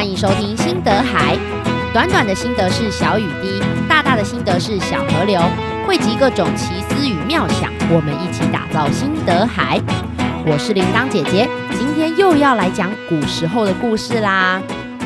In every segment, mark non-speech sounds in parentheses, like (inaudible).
歡迎收聽心得海，短短的心得是小雨滴，大大的心得是小河流，匯集各種奇思與妙想，我們一起打造心得海。我是鈴鐺姐姐，今天又要來講古時候的故事啦。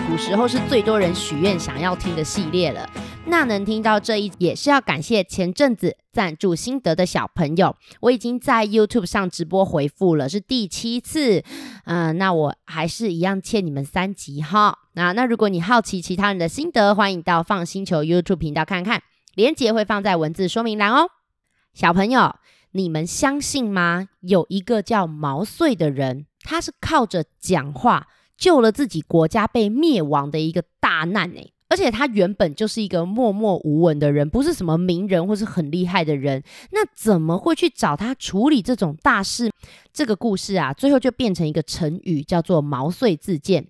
古時候是最多人許願想要聽的系列了。那能聽到這一集也是要感謝前陣子贊助心得的小朋友，我已經在 YouTube 上直播回復了，是第七次，嗯、呃，那我還是一樣欠你們三集哈。那、啊、那如果你好奇其他人的心得，歡迎到放星球 YouTube 頻道看看，連接會放在文字說明欄哦。小朋友，你們相信嗎？有一個叫毛遂的人，他是靠着講話救了自己國家被滅亡的一個大難呢。而且他原本就是一個默默無聞的人，不是什麼名人或是很厲害的人，那怎麼會去找他處理這種大事？這個故事啊，最後就變成一個成語，叫做“毛遂自薦”。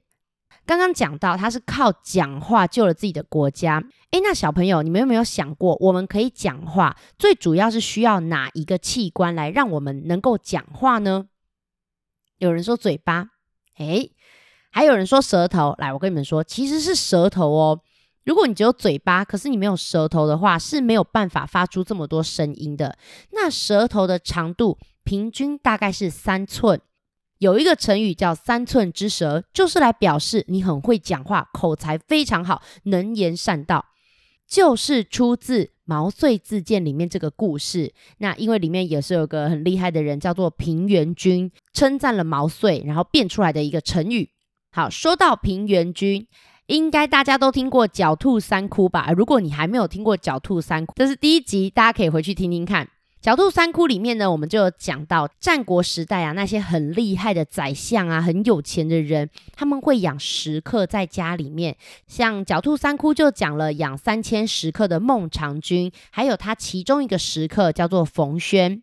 剛剛講到他是靠講話救了自己的國家。誒，那小朋友，你們有沒有想過，我們可以講話，最主要是需要哪一個器官來讓我們能夠講話呢？有人說嘴巴，誒，還有人說舌頭，來，我跟你們說，其實是舌頭哦。如果你只有嘴巴，可是你沒有舌頭的話，是沒有辦法發出這麼多聲音的。那舌頭的長度平均大概是三寸，有一個成語叫“三寸之舌”，就是來表示你很會講話，口才非常好，能言善道，就是出自《毛遂自薦》裡面這個故事。那因為裡面也是有個很厲害的人，叫做平原君，稱讚了毛遂，然後變出來的一個成語。好，說到平原君。應該大家都聽過“狡兔三窟”吧？如果你還沒有聽過“狡兔三窟”，這是第一集，大家可以回去聽聽看。“狡兔三窟”裡面呢，我們就有講到戰國時代啊，那些很厲害的宰相啊，很有錢的人，他們會養食客在家裡面。像“狡兔三窟”就講了養三千食客的孟嘗君，還有他其中一個食客叫做馮諼。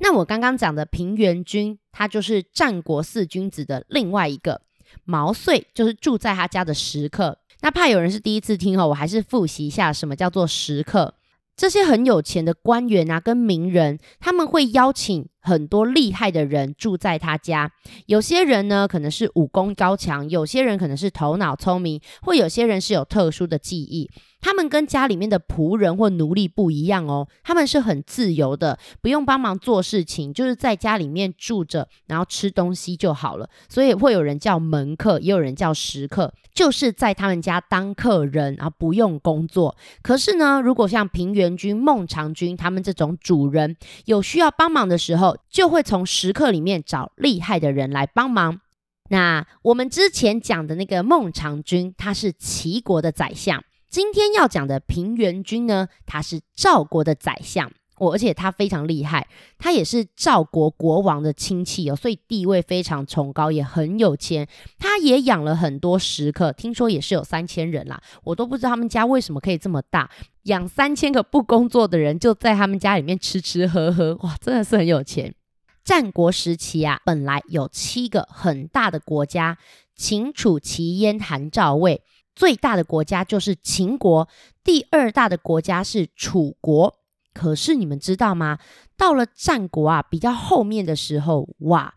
那我剛剛講的平原君，他就是戰國四君子的另外一個。毛遂就是住在他家的食客。那怕有人是第一次聽吼，我還是複習一下什麼叫做食客。這些很有錢的官員啊，跟名人，他們會邀請很多厲害的人住在他家。有些人呢，可能是武功高強；有些人可能是頭腦聰明；或有些人是有特殊的技藝。他們跟家裡面的僕人或奴隸不一樣哦，他們是很自由的，不用幫忙做事情，就是在家裡面住着，然後吃東西就好了。所以會有人叫門客，也有人叫食客，就是在他們家當客人，然後不用工作。可是呢，如果像平原君、孟嘗君他們這種主人有需要幫忙的時候，就會從食客裡面找厲害的人來幫忙。那我們之前講的那個孟嘗君，他是齊國的宰相。今天要講的平原君呢，他是趙國的宰相，我、哦、而且他非常厲害，他也是趙國國王的親戚哦，所以地位非常崇高，也很有錢。他也養了很多食客，聽說也是有三千人啦，我都不知道他們家為什麼可以這麼大，養三千個不工作的人，就在他們家裡面吃吃喝喝，哇，真的是很有錢。戰國時期啊，本來有七個很大的國家：秦、楚、齊、燕、韓、趙、魏。最大的國家就是秦國，第二大的國家是楚國。可是你們知道嗎？到了戰國啊，比較後面的時候，哇，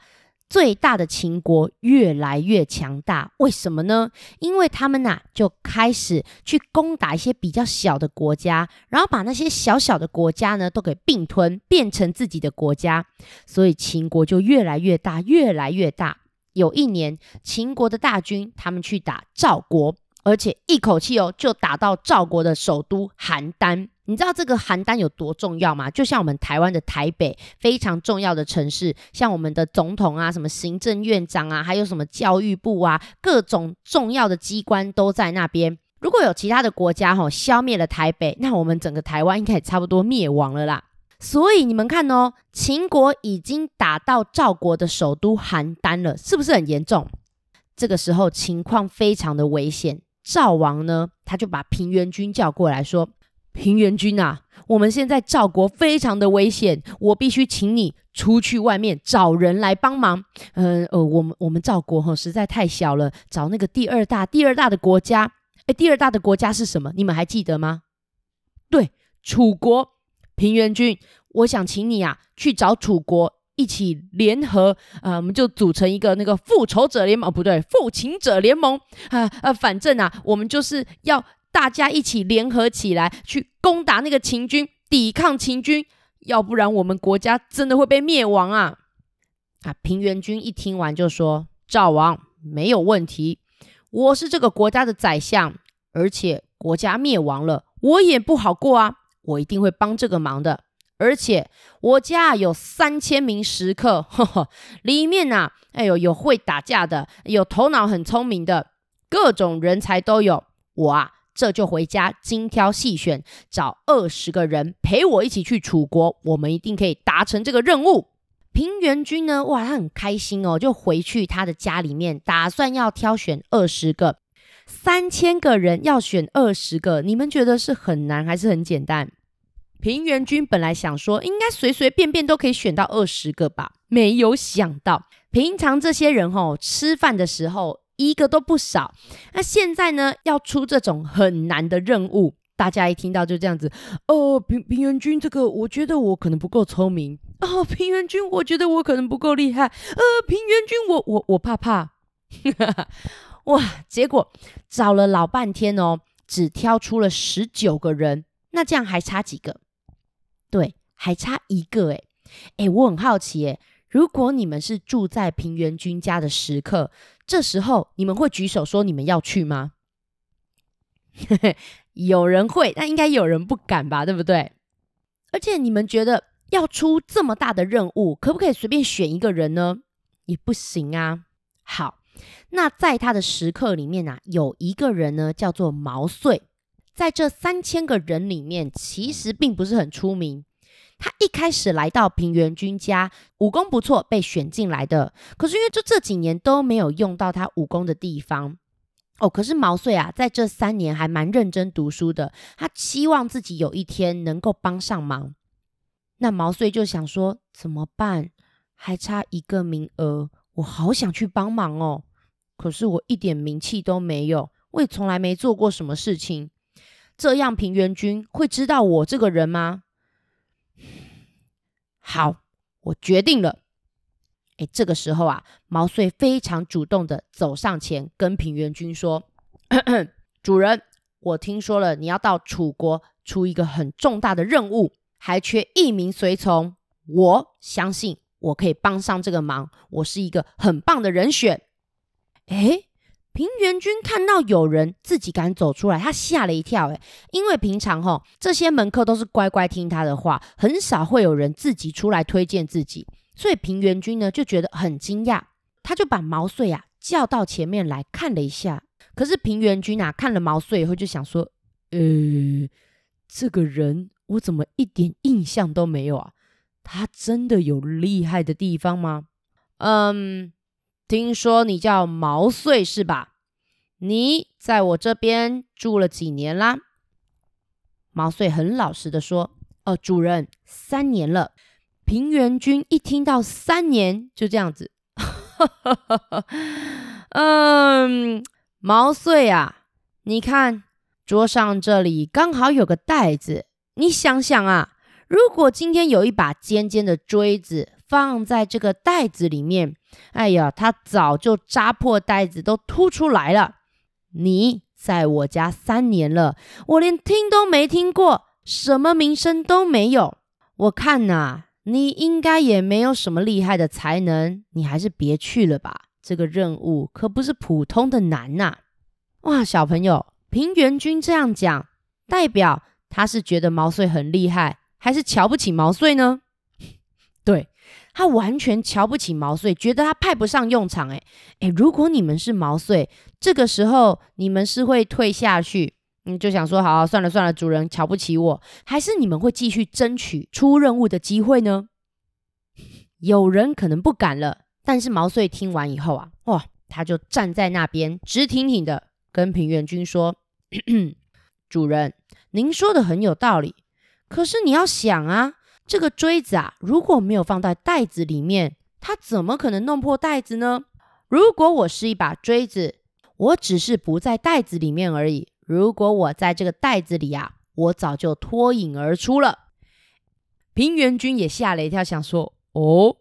最大的秦國越來越強大。為什麼呢？因為他們吶、啊、就開始去攻打一些比較小的國家，然後把那些小小的國家呢都給併吞，變成自己的國家。所以秦國就越來越大，越來越大。有一年，秦國的大軍他們去打趙國。而且一口氣哦，就打到趙國的首都邯鄲。你知道這個邯鄲有多重要嗎？就像我們台灣的台北，非常重要的城市，像我們的總統啊、什麼行政院長啊，還有什麼教育部啊，各種重要的機關都在那邊。如果有其他的國家哈，哦，消滅了台北，那我們整個台灣應該也差不多滅亡了啦。所以你們看哦，秦國已經打到趙國的首都邯鄲了，是不是很嚴重？這個時候情況非常的危險。趙王呢，他就把平原君叫過來說：“平原君啊，我們現在趙國非常的危險，我必須請你出去外面找人來幫忙。嗯呃，呃，我們我們趙國哈、哦、實在太小了，找那個第二大第二大的國家。哎，第二大的國家是什麼？你們還記得嗎？對，楚國。平原君，我想請你啊去找楚國。”一起聯合，啊、呃，我們就組成一個那個復仇者聯盟，不對，復秦者聯盟，啊、呃呃，反正啊，我們就是要大家一起聯合起來，去攻打那個秦軍，抵抗秦軍，要不然我們國家真的會被滅亡啊！啊，平原君一聽完就說：“趙王沒有問題，我是這個國家的宰相，而且國家滅亡了，我也不好過啊，我一定會幫這個忙的。”而且我家有三千名食客，呵呵，裡面吶、啊，哎呦，有會打架的，有頭腦很聰明的，各種人才都有。我啊，這就回家精挑細選，找二十個人陪我一起去楚國，我們一定可以達成這個任務。平原君呢，哇，他很開心哦，就回去他的家裡面，打算要挑選二十個，三千個人要選二十個，你們覺得是很難還是很簡單？平原君本來想說，應該隨隨便便都可以選到二十個吧，沒有想到平常這些人哦，吃飯的時候一個都不少。那、啊、現在呢，要出這種很難的任務，大家一聽到就這樣子哦，平平原君這個，我覺得我可能不夠聰明哦，平原君，我覺得我可能不夠厲害，呃，平原君我，我我我怕怕， (laughs) 哇！結果找了老半天哦，只挑出了十九個人，那這樣還差幾個？對，還差一個哎，哎，我很好奇哎，如果你們是住在平原君家的食客，這時候你們會舉手說你們要去嗎？ (laughs) 有人會，那應該有人不敢吧，對不對？而且你們覺得要出這麼大的任務，可不可以隨便選一個人呢？也不行啊。好，那在他的食客裡面啊，有一個人呢，叫做毛遂。在這三千個人裡面，其實並不是很出名。他一開始來到平原君家，武功不錯，被選進來的。可是因為就這幾年都沒有用到他武功的地方。哦，可是毛遂啊，在這三年還蠻認真讀書的。他希望自己有一天能夠幫上忙。那毛遂就想說，怎麼辦？還差一個名額，我好想去幫忙哦。可是我一點名氣都沒有，我也從來沒做過什麼事情。這樣平原君會知道我這個人嗎？好，我決定了。哎，這個時候啊，毛遂非常主動的走上前，跟平原君說咳咳：“主人，我聽說了，你要到楚國出一個很重大的任務，還缺一名隨從。我相信我可以幫上這個忙，我是一個很棒的人選。”誒平原君看到有人自己敢走出來，他嚇了一跳，哎，因為平常吼、哦、這些門客都是乖乖聽他的話，很少會有人自己出來推薦自己，所以平原君呢就覺得很驚訝，他就把毛遂啊叫到前面來看了一下。可是平原君啊看了毛遂以後就想說，呃，這個人我怎麼一點印象都沒有啊？他真的有厲害的地方嗎？嗯。聽說你叫毛遂是吧？你在我這邊住了幾年啦？毛遂很老實的說：“哦，主任，三年了。”平原君一聽到“三年”，就這樣子。 (laughs) 嗯，毛遂啊，你看桌上這裡剛好有個袋子，你想想啊，如果今天有一把尖尖的錐子。放在這個袋子裡面，哎呀，他早就扎破袋子，都凸出來了。你在我家三年了，我連聽都沒聽過，什麼名聲都沒有。我看吶、啊，你應該也沒有什麼厲害的才能，你還是別去了吧。這個任務可不是普通的難吶、啊！哇，小朋友，平原君這樣講，代表他是覺得毛遂很厲害，還是瞧不起毛遂呢？他完全瞧不起毛遂，覺得他派不上用場。哎，誒，如果你們是毛遂，這個時候你們是會退下去，嗯，就想說好、啊、算了算了，主人瞧不起我，還是你們會繼續爭取出任務的機會呢？有人可能不敢了，但是毛遂聽完以後啊，哇、哦，他就站在那邊直挺挺的跟平原君說：“ (coughs) 主人，您說的很有道理，可是你要想啊。”這個錐子啊，如果沒有放在袋子裡面，它怎麼可能弄破袋子呢？如果我是一把錐子，我只是不在袋子裡面而已。如果我在這個袋子裡啊，我早就脫穎而出了。平原君也嚇了一跳，想說：“哦，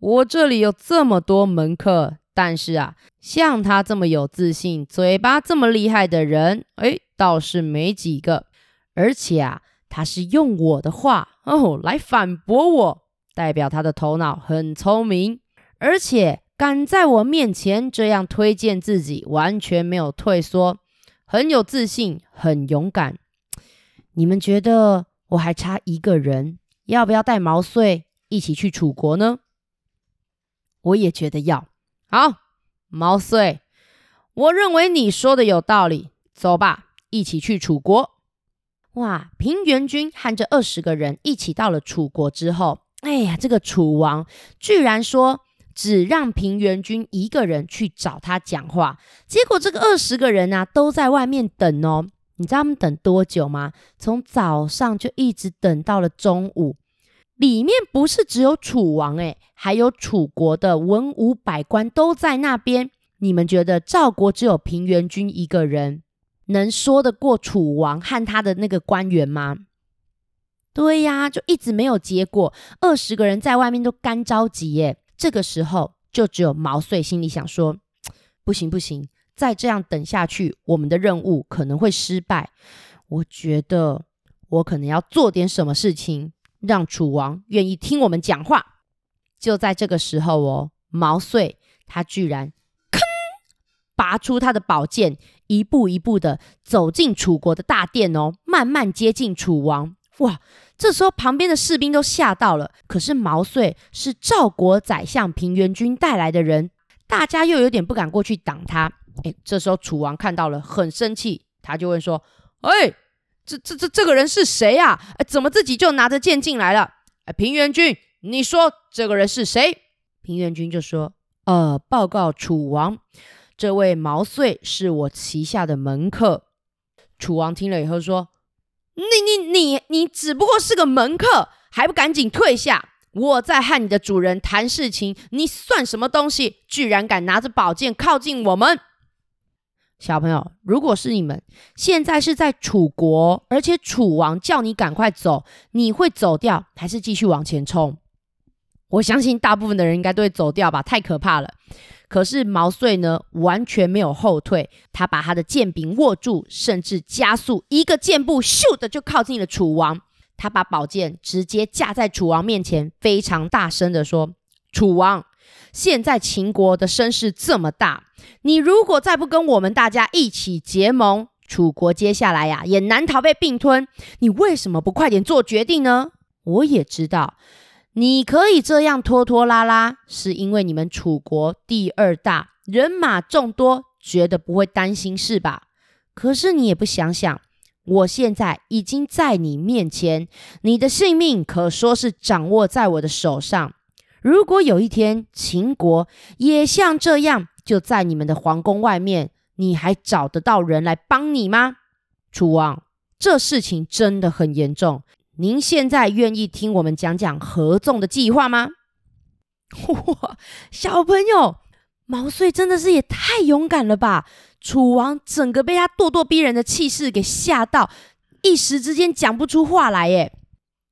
我這裡有這麼多門客，但是啊，像他這麼有自信、嘴巴這麼厲害的人，哎，倒是沒幾個。而且啊，他是用我的話。”哦，oh, 來反駁我，代表他的頭腦很聰明，而且敢在我面前這樣推薦自己，完全沒有退縮，很有自信，很勇敢。你們覺得我還差一個人，要不要帶毛遂一起去楚國呢？我也覺得要。好，毛遂，我認為你說的有道理，走吧，一起去楚國。哇！平原君和這二十個人一起到了楚國之後，哎呀，這個楚王居然說只讓平原君一個人去找他講話。結果這個二十個人啊，都在外面等哦。你知道他們等多久嗎？從早上就一直等到了中午。裡面不是只有楚王哎、欸，還有楚國的文武百官都在那邊。你們覺得趙國只有平原君一個人？能說得過楚王和他的那個官員嗎？對呀，啊，就一直沒有結果。二十個人在外面都乾着急耶。這個時候，就只有毛遂心裡想說：“不行不行，再這樣等下去，我們的任務可能會失敗。我覺得我可能要做點什麼事情，讓楚王願意聽我們講話。”就在這個時候哦，毛遂他居然，拔出他的寶劍。一步一步的走進楚國的大殿哦，慢慢接近楚王。哇，這時候旁邊的士兵都嚇到了。可是毛遂是趙國宰相平原君帶來的人，大家又有點不敢過去擋他。哎，這時候楚王看到了，很生氣，他就問說：“哎、欸，這這這這個人是誰啊？怎麼自己就拿着劍進來了？誒平原君，你說這個人是誰？”平原君就說：“呃，報告楚王。”這位毛遂是我旗下的門客。楚王聽了以後說：“你、你、你、你，只不過是個門客，還不趕緊退下！我在和你的主人談事情，你算什麼東西？居然敢拿着寶劍靠近我們！”小朋友，如果是你們，現在是在楚國，而且楚王叫你趕快走，你會走掉還是繼續往前衝？我相信大部分的人應該都會走掉吧，太可怕了。可是毛遂呢，完全沒有後退，他把他的劍柄握住，甚至加速一個箭步，咻的就靠近了楚王。他把寶劍直接架在楚王面前，非常大聲地說：“楚王，現在秦國的聲勢這麼大，你如果再不跟我們大家一起結盟，楚國接下來呀、啊、也難逃被併吞。你為什麼不快點做決定呢？”我也知道。你可以這樣拖拖拉拉，是因為你們楚國第二大人馬眾多，覺得不會擔心是吧？可是你也不想想，我現在已經在你面前，你的性命可說是掌握在我的手上。如果有一天秦國也像這樣，就在你們的皇宮外面，你還找得到人來幫你嗎？楚王，這事情真的很嚴重。您現在願意聽我們講講合縱的計劃嗎？哇，小朋友，毛遂真的是也太勇敢了吧！楚王整個被他咄咄逼人的氣勢給嚇到，一時之間講不出話來耶。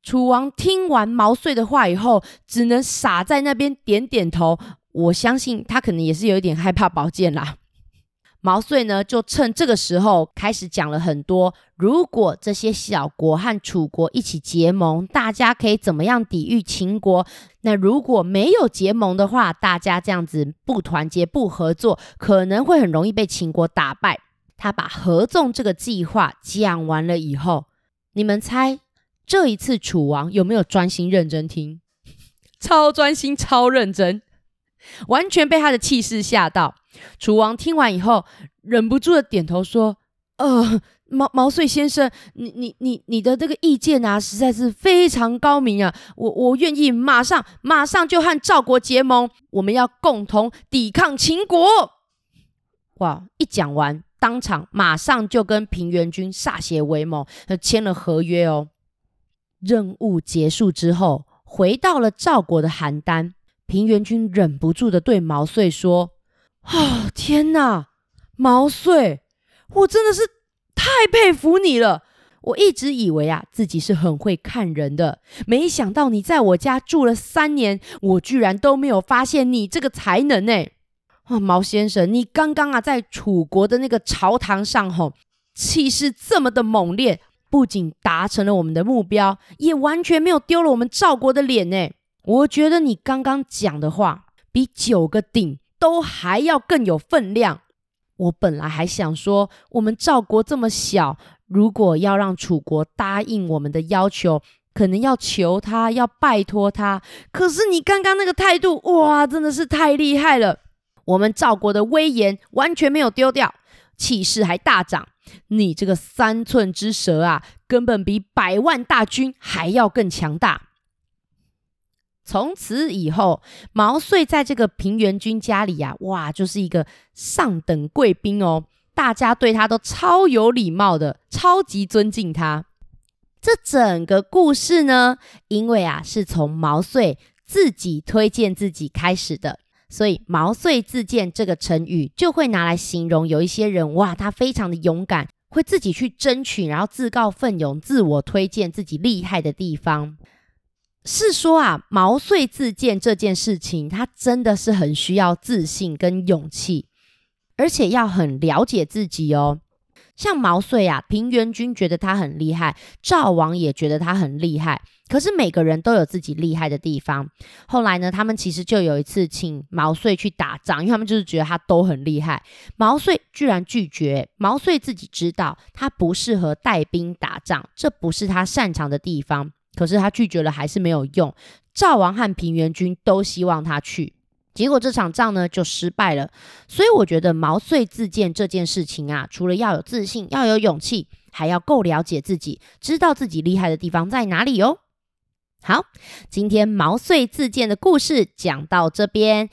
楚王聽完毛遂的話以後，只能傻在那邊點點頭。我相信他可能也是有一點害怕寶劍啦。毛遂呢，就趁這個時候開始講了很多。如果這些小國和楚國一起結盟，大家可以怎麼樣抵禦秦國？那如果沒有結盟的話，大家這樣子不團結、不合作，可能會很容易被秦國打敗。他把合縱這個計劃講完了以後，你們猜這一次楚王有沒有專心認真聽？超專心、超認真，完全被他的氣勢嚇到。楚王聽完以後，忍不住的點頭說：“呃，毛毛遂先生，你你你你的這個意見啊，實在是非常高明啊！我我願意馬上馬上就和趙國結盟，我們要共同抵抗秦國。”哇！一講完，當場馬上就跟平原君歃血為盟，呃，簽了合約哦。任務結束之後，回到了趙國的邯鄲，平原君忍不住的對毛遂說。哦，天哪，毛遂，我真的是太佩服你了！我一直以為啊，自己是很會看人的，沒想到你在我家住了三年，我居然都沒有發現你這個才能呢！哇、哦，毛先生，你剛剛啊，在楚國的那個朝堂上吼，氣勢這麼的猛烈，不僅達成了我們的目標，也完全沒有丟了我們趙國的臉呢！我覺得你剛剛講的話，比九個鼎，都還要更有分量。我本來還想說，我們趙國這麼小，如果要讓楚國答應我們的要求，可能要求他，要拜托他。可是你剛剛那個態度，哇，真的是太厲害了！我們趙國的威嚴完全沒有丟掉，氣勢還大漲。你這個三寸之舌啊，根本比百萬大軍還要更強大。從此以後，毛遂在這個平原君家裡啊，哇，就是一個上等貴賓哦，大家對他都超有禮貌的，超級尊敬他。這整個故事呢，因為啊是從毛遂自己推薦自己開始的，所以“毛遂自薦”這個成語就會拿來形容有一些人哇，他非常的勇敢，會自己去爭取，然後自告奮勇，自我推薦自己厲害的地方。是說啊，毛遂自薦這件事情，他真的是很需要自信跟勇氣，而且要很了解自己哦。像毛遂啊，平原君覺得他很厲害，趙王也覺得他很厲害。可是每個人都有自己厲害的地方。後來呢，他們其實就有一次請毛遂去打仗，因為他們就是覺得他都很厲害。毛遂居然拒絕。毛遂自己知道他不適合帶兵打仗，這不是他擅長的地方。可是他拒絕了，還是沒有用。趙王和平原君都希望他去，結果這場仗呢就失敗了。所以我覺得毛遂自薦這件事情啊，除了要有自信、要有勇氣，還要夠了解自己，知道自己厲害的地方在哪裡哦，好，今天毛遂自薦的故事講到這邊，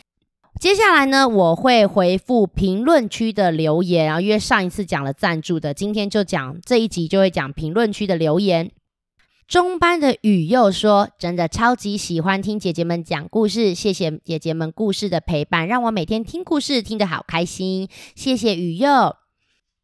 接下來呢，我會回覆評論區的留言。然後因為上一次講了贊助的，今天就講，這一集就會講評論區的留言。中班的雨佑說：“真的超級喜歡聽姐姐們講故事，謝謝姐姐們故事的陪伴，讓我每天聽故事聽得好開心。謝謝雨佑。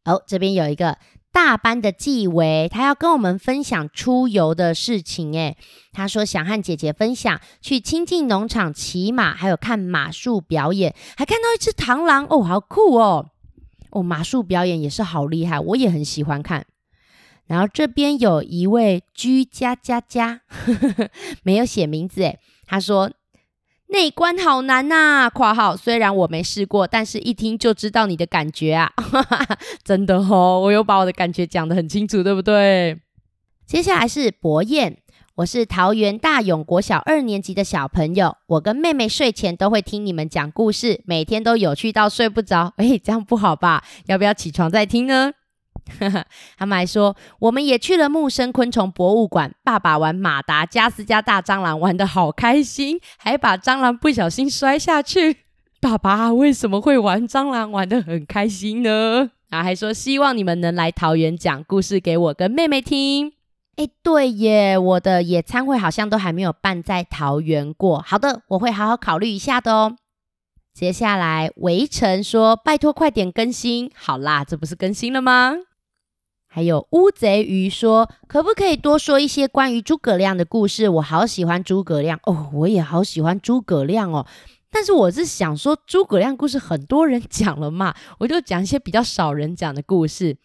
哦，這邊有一個大班的紀維，他要跟我們分享出遊的事情。誒，他說想和姐姐分享去清境農場騎馬，還有看馬術表演，還看到一隻螳螂哦，好酷哦！哦，馬術表演也是好厲害，我也很喜歡看。”然後這邊有一位居家家家，呵呵沒有寫名字誒，他說內關好難吶、啊，括號，雖然我沒試過，但是一聽就知道你的感覺啊， (laughs) 真的吼、哦，我有把我的感覺講得很清楚，對不對？接下來是博彥，我是桃園大勇國小二年級的小朋友，我跟妹妹睡前都會聽你們講故事，每天都有趣到睡不着，誒、欸、這樣不好吧？要不要起床再聽呢？ (laughs) 他們還說，我們也去了木生昆蟲博物館。爸爸玩馬達加斯加大蟑螂玩得好開心，還把蟑螂不小心摔下去。爸爸為什麼會玩蟑螂玩得很開心呢？啊，還說希望你們能來桃園講故事給我跟妹妹聽。哎，對耶，我的野餐會好像都還沒有辦在桃園過。好的，我會好好考慮一下的哦。接下來圍城說，拜托快點更新。好啦，這不是更新了嗎？還有烏賊魚說：“可不可以多說一些關於諸葛亮的故事？我好喜歡諸葛亮哦，我也好喜歡諸葛亮哦。但是我是想說，諸葛亮故事很多人講了嘛，我就講一些比較少人講的故事。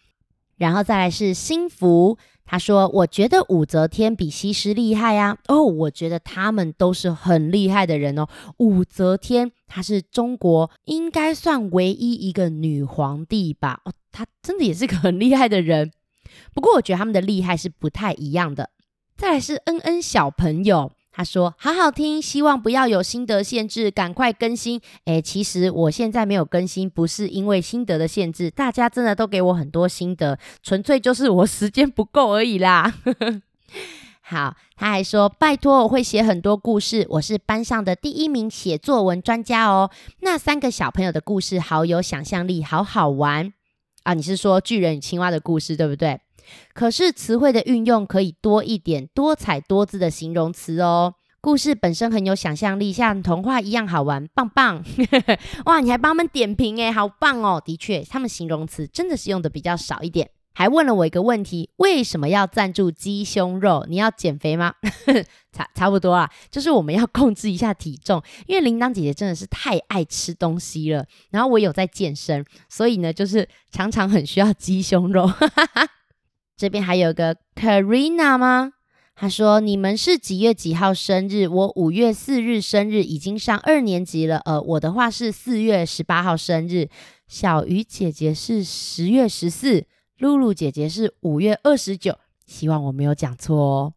然後再來是新福，他說：我覺得武則天比西施厲害啊。哦，我覺得他們都是很厲害的人哦。武則天她是中國應該算唯一一個女皇帝吧？哦，她真的也是個很厲害的人。”不過我覺得他們的厲害是不太一樣的。再來是恩恩小朋友，他說好好聽，希望不要有心得限制，趕快更新。誒，其實我現在沒有更新，不是因為心得的限制，大家真的都給我很多心得，純粹就是我時間不夠而已啦。 (laughs) 好，他還說拜託我會寫很多故事，我是班上的第一名寫作文專家哦。那三個小朋友的故事好有想象力，好好玩啊！你是說巨人與青蛙的故事對不對？可是詞彙的運用可以多一點，多彩多姿的形容詞哦。故事本身很有想象力，像童話一樣好玩，棒棒！ (laughs) 哇，你還幫他們點評誒？好棒哦！的確，他們形容詞真的是用的比較少一點。還問了我一個問題：為什麼要贊助雞胸肉？你要減肥嗎？差 (laughs) 差不多啊，就是我們要控制一下體重，因為鈴鐺姐姐真的是太愛吃東西了。然後我有在健身，所以呢，就是常常很需要雞胸肉。 (laughs) 這邊還有個 Karina 嗎？她說，你們是幾月幾號生日？我五月四日生日，已經上二年級了。呃，我的話是四月十八號生日。小魚姐姐是十月十四，露露姐姐是五月二十九。希望我沒有講錯哦。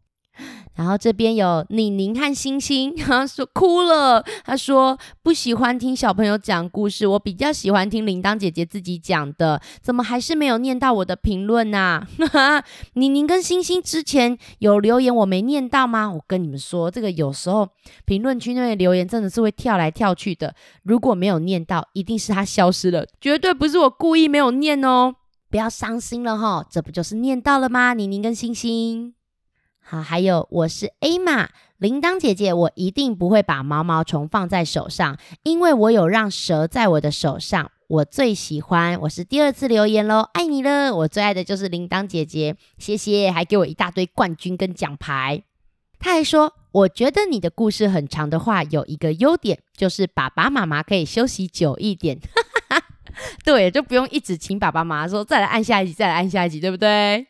然後這邊有寧寧和星星，他說哭了。他說不喜歡聽小朋友講故事，我比較喜歡聽鈴鐺姐姐自己講的。怎麼還是沒有念到我的評論啊？哈哈，寧寧跟星星之前有留言我沒念到嗎？我跟你們說，這個有時候評論區那邊的留言真的是會跳來跳去的。如果沒有念到，一定是它消失了，絕對不是我故意沒有念哦。不要傷心了哈，這不就是念到了嗎？寧寧跟星星。好，還有我是艾瑪鈴鐺姐姐，我一定不會把毛毛蟲放在手上，因為我有讓蛇在我的手上。我最喜歡，我是第二次留言咯，愛你了，我最愛的就是鈴鐺姐姐，謝謝，還給我一大堆冠軍跟獎牌。他還說，我覺得你的故事很長的話，有一個優點就是爸爸媽媽可以休息久一點。哈哈哈，對，就不用一直請爸爸媽媽說再來按下一集，再來按下一集，對不對？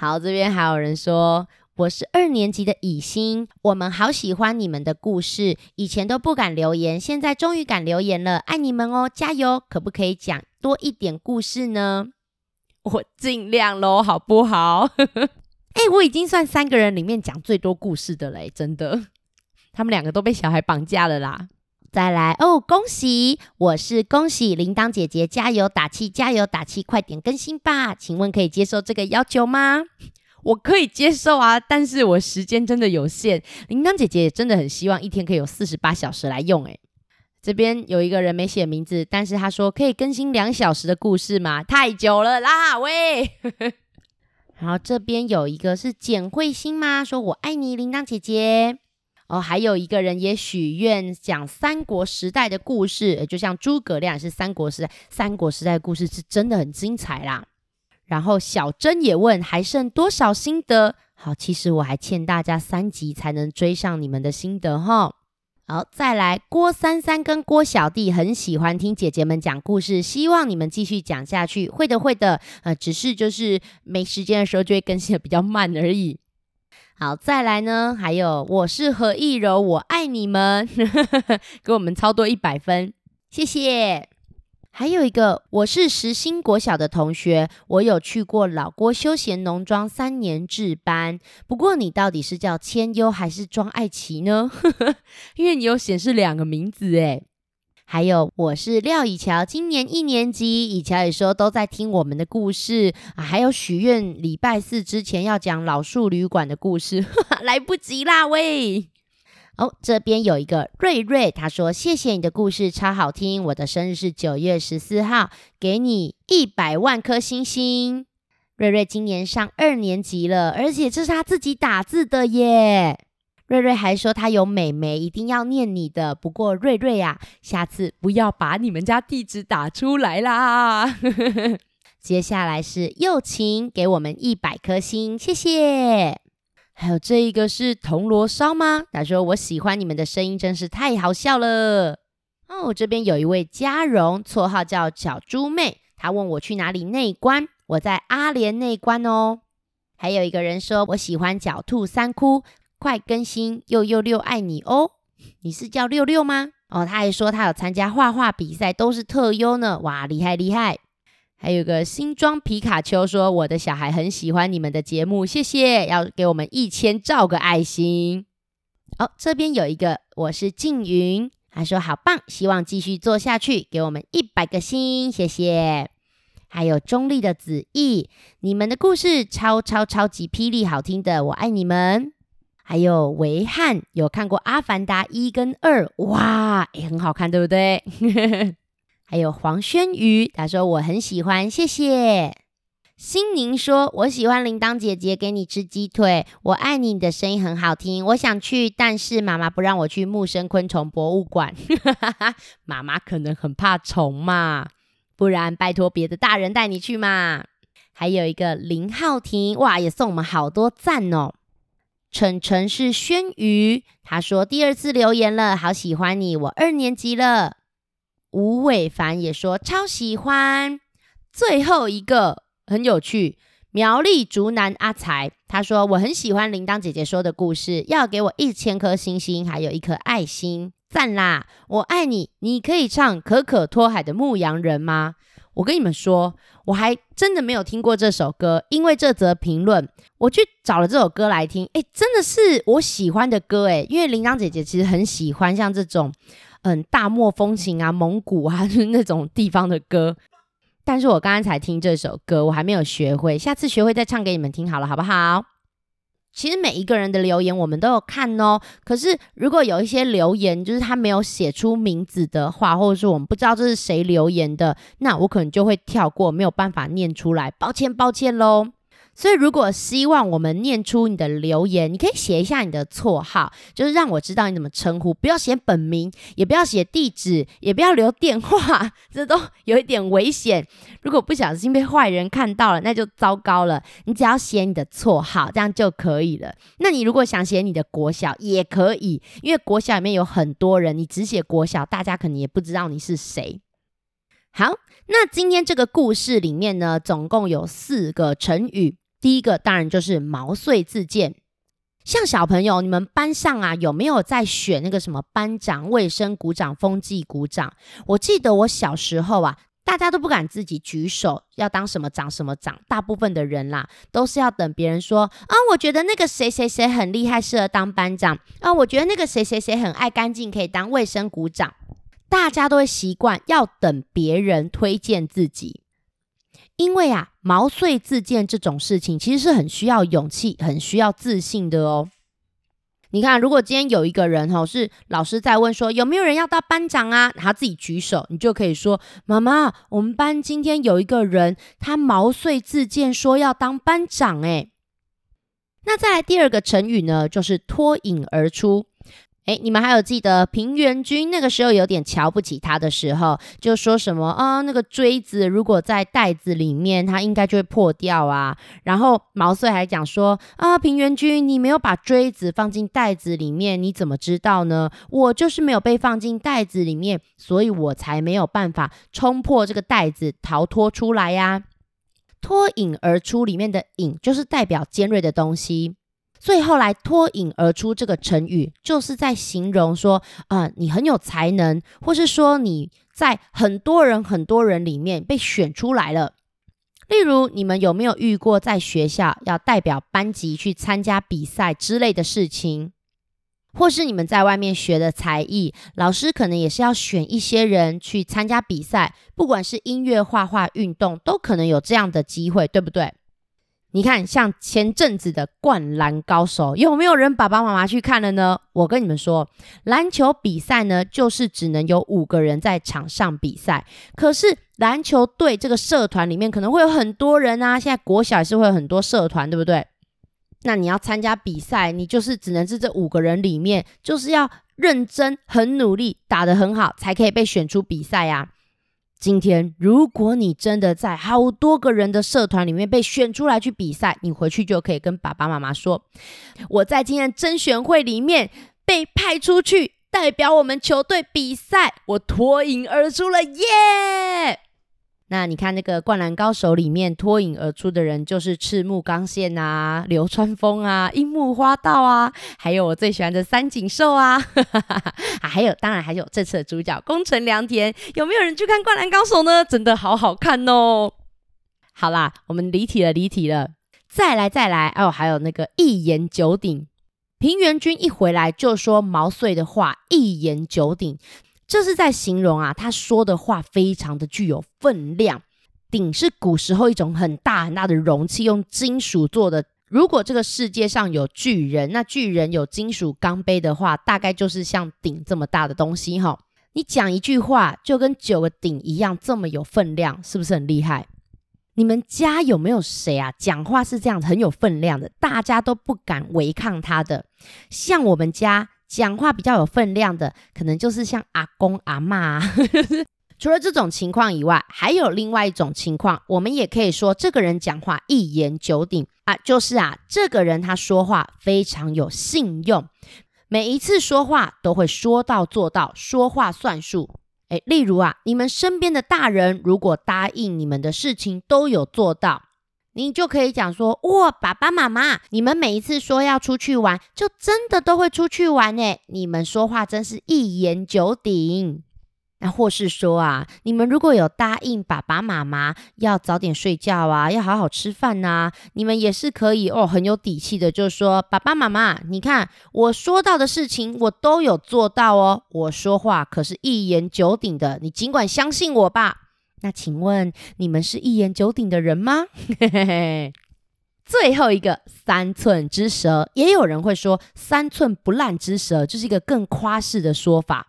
好，這邊還有人說，我是二年級的以欣，我們好喜歡你們的故事，以前都不敢留言，現在終於敢留言了，愛你們哦，加油！可不可以講多一點故事呢？我盡量嘍，好不好？哎、 (laughs) 欸，我已經算三個人裡面講最多故事的嘞，、欸，真的，他們兩個都被小孩綁架了啦。再來哦！恭喜，我是恭喜鈴鐺姐姐加，加油打氣，加油打氣，快點更新吧！請問可以接受這個要求嗎？我可以接受啊，但是我時間真的有限。鈴鐺姐姐真的很希望一天可以有四十八小時來用。哎，這邊有一個人沒寫名字，但是他說可以更新兩小時的故事嗎？太久了啦，喂！ (laughs) 然後這邊有一個是簡慧心嗎？說我愛你，鈴鐺姐姐。哦，還有一個人也許願講三國時代的故事，就像諸葛亮是三國時代，三國時代的故事是真的很精彩啦。然後小珍也問，還剩多少心得？好、哦，其實我還欠大家三集才能追上你們的心得哈、哦。好、哦，再來郭三三跟郭小弟很喜歡聽姐姐們講故事，希望你們繼續講下去。會的，會的，呃，只是就是沒時間的時候就會更新的比較慢而已。好，再來呢，還有，我是何藝柔，我愛你們， (laughs) 給我們超多一百分，謝謝。還有一個，我是實心國小的同學，我有去過老郭休閒農莊三年制班。不過你到底是叫千優還是莊愛琪呢？ (laughs) 因為你有顯示兩個名字哎。還有，我是廖以喬，今年一年級。以喬也說都在聽我們的故事啊，還有許願，禮拜四之前要講《老樹旅館》的故事，呵呵，來不及啦喂！哦，這邊有一個瑞瑞，他說，謝謝你的故事超好聽。我的生日是九月十四號，給你一百萬顆星星。瑞瑞今年上二年級了，而且這是他自己打字的耶。瑞瑞還說他有妹妹，一定要念你的。不過瑞瑞呀、啊，下次不要把你們家地址打出來啦。 (laughs) 接下來是友晴，給我們一百顆星，謝謝。還有這一個是銅鑼燒嗎？他說我喜歡你們的聲音，真是太好笑了。哦，這邊有一位嘉榮，綽號叫小豬妹。他問我去哪裡內觀，我在阿蓮內觀哦。還有一個人說我喜歡狡兔三窟。快更新，又又六愛你哦！你是叫六六嗎？哦，他還說他有參加畫畫比賽，都是特優呢。哇，厲害厲害！還有一個新裝皮卡丘說：“我的小孩很喜歡你們的節目，謝謝，要給我們一千兆個愛心。”哦，這邊有一個，我是靜雲，他說好棒，希望繼續做下去，給我們一百個心，謝謝。還有中立的子義，你們的故事超超超超級霹靂，好聽的，我愛你們。還有維漢有看過《阿凡達一》跟《二》，哇，也、欸、很好看，對不對？ (laughs) 還有黃軒瑜，他說我很喜歡，謝謝。心寧說，我喜歡鈴鐺姐姐給你吃雞腿，我愛你，你的聲音很好聽，我想去，但是媽媽不讓我去木生昆蟲博物館， (laughs) 媽媽可能很怕蟲嘛，不然拜託別的大人帶你去嘛。還有一個林浩廷，哇，也送我們好多讚哦。晨晨是軒魚，他說第二次留言了，好喜歡你，我二年級了。吳偉凡也說超喜歡。最後一個很有趣，苗栗竹南阿才，他說我很喜歡鈴鐺姐姐說的故事，要給我一千顆星星，還有一顆愛心，讚啦！我愛你，你可以唱可可托海的牧羊人嗎？我跟你們說，我還真的沒有聽過這首歌，因為這則評論，我去找了這首歌來聽。哎，真的是我喜歡的歌哎，因為鈴鐺姐姐其實很喜歡像這種，嗯，大漠風情啊、蒙古啊，就是那種地方的歌。但是我剛剛才聽這首歌，我還沒有學會，下次學會再唱給你們聽好了，好不好？其實每一個人的留言我們都有看哦，可是如果有一些留言就是他沒有寫出名字的話，或者是我們不知道這是誰留言的，那我可能就會跳過，沒有辦法念出來，抱歉抱歉咯。所以，如果希望我們念出你的留言，你可以寫一下你的綽號，就是讓我知道你怎麼稱呼，不要寫本名，也不要寫地址，也不要留電話，這都有一點危險。如果不小心被壞人看到了，那就糟糕了。你只要寫你的綽號，這樣就可以了。那你如果想寫你的國小，也可以，因為國小裡面有很多人，你只寫國小，大家可能也不知道你是誰。好，那今天這個故事裡面呢，總共有四個成語。第一個當然就是毛遂自薦，像小朋友，你們班上啊有沒有在選那個什麼班長、衛生股長、風紀股長？我記得我小時候啊，大家都不敢自己舉手要當什麼長什麼長，大部分的人啦都是要等別人說，啊、呃，我覺得那個誰誰誰很厲害，適合當班長。啊、呃，我覺得那個誰誰誰很愛乾淨，可以當衛生股長。大家都會習慣要等別人推薦自己。因為啊，毛遂自薦這種事情，其實是很需要勇氣、很需要自信的哦。你看，如果今天有一個人哈、哦，是老師在問說有沒有人要當班長啊，他自己舉手，你就可以說：媽媽，我們班今天有一個人，他毛遂自薦說要當班長誒。那再來第二個成語呢，就是脫穎而出。哎，你們還有記得平原君那個時候有點瞧不起他的時候，就說什麼啊？那個錐子如果在袋子裡面，它應該就會破掉啊。然後毛遂還講說啊，平原君，你沒有把錐子放進袋子裡面，你怎麼知道呢？我就是沒有被放進袋子裡面，所以我才沒有辦法衝破這個袋子逃脫出來呀、啊。脫穎而出裡面的“穎”就是代表尖銳的東西。所以後來脫穎而出這個成語，就是在形容說，呃，你很有才能，或是說你在很多人很多人裡面被選出來了。例如，你們有沒有遇過在學校要代表班級去參加比賽之類的事情？或是你們在外面學的才藝，老師可能也是要選一些人去參加比賽，不管是音樂、畫畫、運動，都可能有這樣的機會，對不對？你看，像前陣子的灌籃高手，有沒有人爸爸媽媽去看了呢？我跟你們說，籃球比賽呢，就是只能有五個人在場上比賽。可是籃球隊這個社團裡面可能會有很多人啊，現在國小也是會有很多社團，對不對？那你要參加比賽，你就是只能是這五個人裡面，就是要認真、很努力、打得很好，才可以被選出比賽啊。今天，如果你真的在好多個人的社團裡面被選出來去比賽，你回去就可以跟爸爸媽媽說：“我在今天甄選會裡面被派出去代表我們球隊比賽，我脫穎而出了，耶、yeah!！” 那你看那個《灌籃高手》裡面脫穎而出的人，就是赤木剛憲啊、流川楓啊、櫻木花道啊，還有我最喜歡的三井壽啊， (laughs) 還有當然還有這次的主角宮城良田。有沒有人去看《灌籃高手》呢？真的好好看哦！好啦，我們離題了，離題了，再來再來哦！還有那個一言九鼎，平原君一回來就說毛遂的話，一言九鼎。這是在形容啊，他說的話非常的具有分量。鼎是古時候一種很大很大的容器，用金屬做的。如果這個世界上有巨人，那巨人有金屬鋼杯的話，大概就是像鼎這麼大的東西哦。吼，你講一句話就跟九個鼎一樣這麼有分量，是不是很厲害？你們家有沒有誰啊，講話是這樣很有分量的，大家都不敢違抗他的？像我們家。講話比較有分量的，可能就是像阿公阿媽、啊。除了這種情況以外，還有另外一種情況，我們也可以說這個人講話一言九鼎啊，就是啊，這個人他說話非常有信用，每一次說話都會說到做到，說話算數。誒，例如啊，你們身邊的大人如果答應你們的事情，都有做到。您就可以講說，哇，爸爸媽媽，你們每一次說要出去玩，就真的都會出去玩欸！你們說話真是一言九鼎。那或是說啊，你們如果有答應爸爸媽媽要早點睡覺啊，要好好吃飯吶、啊，你們也是可以哦，很有底氣的，就是說，爸爸媽媽，你看我說到的事情，我都有做到哦。我說話可是一言九鼎的，你盡管相信我吧。那請問你們是一言九鼎的人嗎？ (laughs) 最後一個三寸之舌，也有人會說三寸不爛之舌，就是一個更誇飾的說法，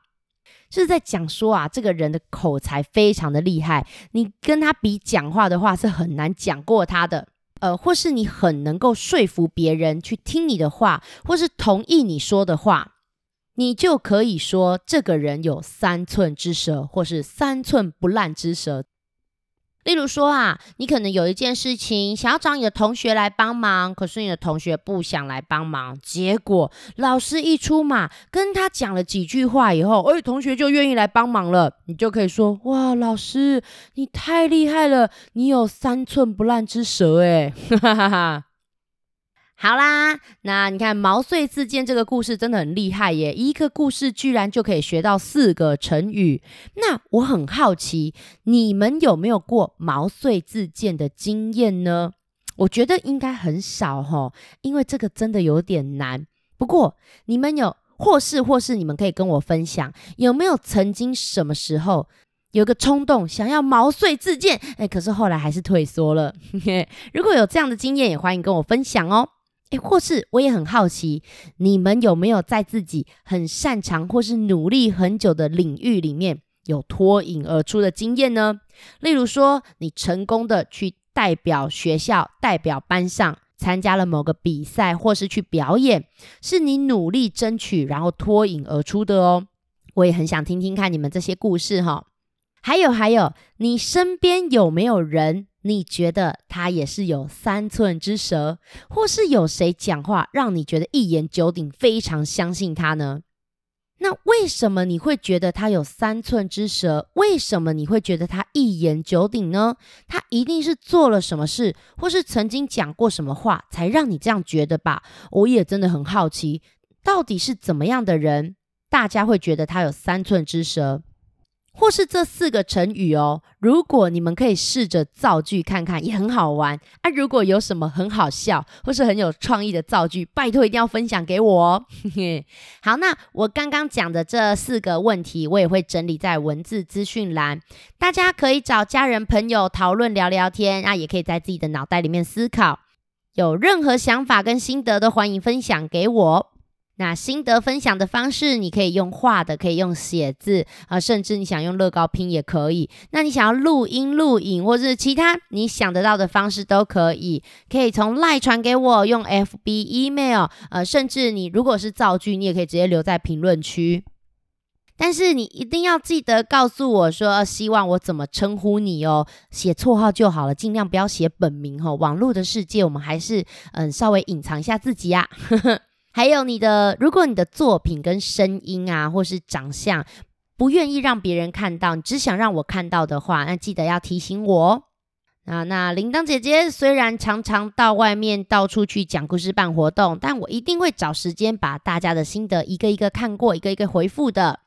就是在講說啊，這個人的口才非常的厲害，你跟他比講話的話是很難講過他的，呃，或是你很能夠說服別人去聽你的話，或是同意你說的話。你就可以說這個人有三寸之舌，或是三寸不爛之舌。例如說啊，你可能有一件事情想要找你的同學來幫忙，可是你的同學不想來幫忙。結果老師一出馬，跟他講了幾句話以後，哎，同學就願意來幫忙了。你就可以說，哇，老師你太厲害了，你有三寸不爛之舌，哎，哈哈哈哈。好啦，那你看毛遂自薦這個故事真的很厲害耶！一個故事居然就可以學到四個成語。那我很好奇，你們有沒有過毛遂自薦的經驗呢？我覺得應該很少哦，因為這個真的有點難。不過你們有或是或是你們可以跟我分享，有沒有曾經什麼時候有一個衝動想要毛遂自薦？哎、欸，可是後來還是退縮了嘿嘿。如果有這樣的經驗，也歡迎跟我分享哦。誒，或是我也很好奇，你們有沒有在自己很擅長或是努力很久的領域裡面有脫穎而出的經驗呢？例如說，你成功的去代表學校、代表班上參加了某個比賽，或是去表演，是你努力爭取然後脫穎而出的哦。我也很想聽聽看你們這些故事哈、哦。還有還有，你身邊有沒有人？你覺得他也是有三寸之舌，或是有誰講話讓你覺得一言九鼎，非常相信他呢？那為什麼你會覺得他有三寸之舌？為什麼你會覺得他一言九鼎呢？他一定是做了什麼事，或是曾經講過什麼話，才讓你這樣覺得吧？我也真的很好奇，到底是怎麼樣的人，大家會覺得他有三寸之舌？或是這四個成語哦，如果你們可以試着造句看看，也很好玩啊！如果有什麼很好笑或是很有創意的造句，拜托一定要分享給我。 (laughs) 好，那我剛剛講的這四個問題，我也會整理在文字資訊欄，大家可以找家人朋友討論聊聊天啊，也可以在自己的腦袋裡面思考，有任何想法跟心得都歡迎分享給我。那心得分享的方式，你可以用畫的，可以用寫字啊、呃，甚至你想用樂高拼也可以。那你想要錄音、錄影，或者是其他你想得到的方式都可以。可以從賴傳給我，用 FB、email，呃，甚至你如果是造句，你也可以直接留在評論區。但是你一定要記得告訴我說、啊，希望我怎麼稱呼你哦。寫綽號就好了，盡量不要寫本名哦。網絡的世界，我們還是嗯稍微隱藏一下自己啊。呵呵還有你的，如果你的作品跟聲音啊，或是長相，不願意讓別人看到，你只想讓我看到的話，那記得要提醒我哦。那那鈴鐺姐姐雖然常常到外面到處去講故事、辦活動，但我一定會找時間把大家的心得一個一個看過，一個一個回復的。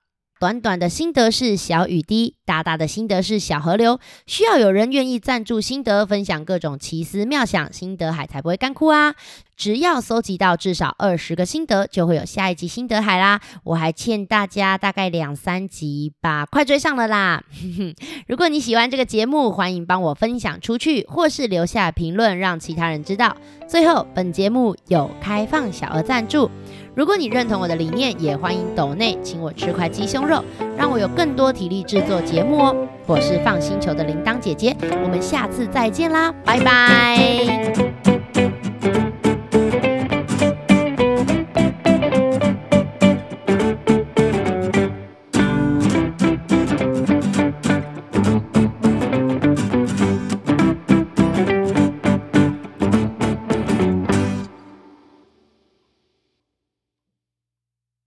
短短的心得是小雨滴，大大的心得是小河流，需要有人願意贊助心得，分享各種奇思妙想，心得海才不會乾枯啊！只要蒐集到至少二十個心得，就會有下一集心得海啦！我還欠大家大概兩三集吧，快追上了啦哼哼！如果你喜歡這個節目，歡迎幫我分享出去，或是留下評論讓其他人知道。最後，本節目有開放小額贊助。如果你認同我的理念，也歡迎鬥內請我吃塊雞胸肉，讓我有更多體力製作節目哦。我是 FUN 星球的鈴鐺姐姐，我們下次再見啦，拜拜。